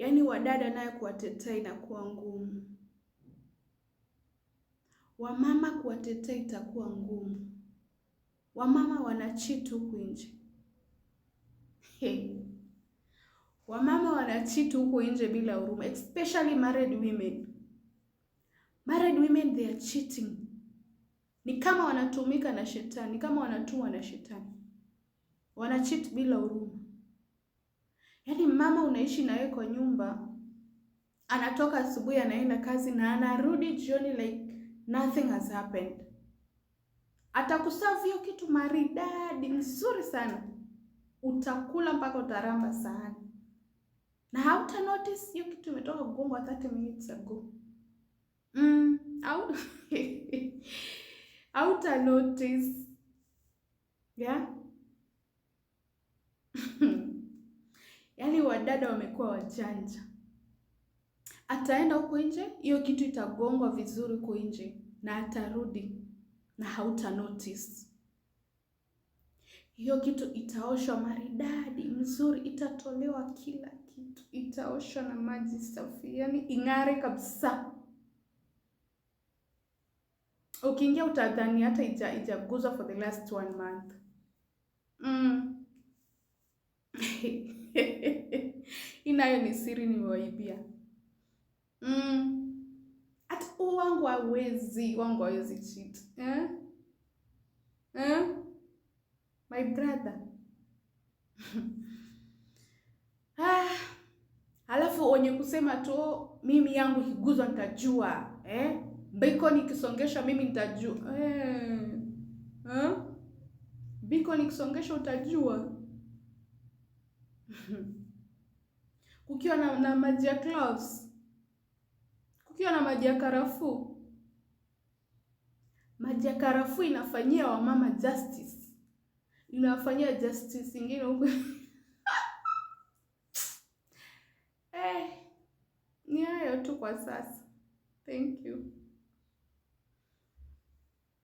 yaani wadada naye kuwatetea inakuwa ngumu, wamama kuwatetea itakuwa ngumu. Wamama wanachitu huku nje hey. Wamama wanachitu huku nje bila huruma, especially married women. Married women they are cheating, ni kama wanatumika na shetani, kama wanatumwa na shetani, cheat bila huruma. Yaani mama unaishi yeye kwa nyumba, anatoka asubuhi anaenda kazi na anarudi jioni like nothing has happened. Atakuserve kitu maridadi nzuri sana, utakula mpaka utaramba sana na hauta notice hiyo kitu imetoka kugongwa 30 minutes ago. Mm, au hauta notice yeah wadada wamekuwa wajanja, ataenda huko nje, hiyo kitu itagongwa vizuri huko nje na atarudi na hauta notice. Hiyo kitu itaoshwa maridadi mzuri, itatolewa kila kitu, itaoshwa na maji safi, yani ing'are kabisa. Ukiingia utadhani hata ijaguzwa for the last one month mm. hii nayo ni siri nimewaibia. Mm. At wangu hawezi, wangu hawezi cheat. Eh? Eh? My brother. Ah, Alafu wenye kusema tu mimi yangu kiguzwa nitajua eh? Biko nikisongeshwa mimi nitajua eh. Eh? Biko nikisongeshwa utajua kukiwa na, na maji ya cloves, kukiwa na maji ya karafuu. Maji ya karafuu inafanyia wamama justice, inawafanyia justice ingine huko eh, ni hayo tu kwa sasa. Thank you.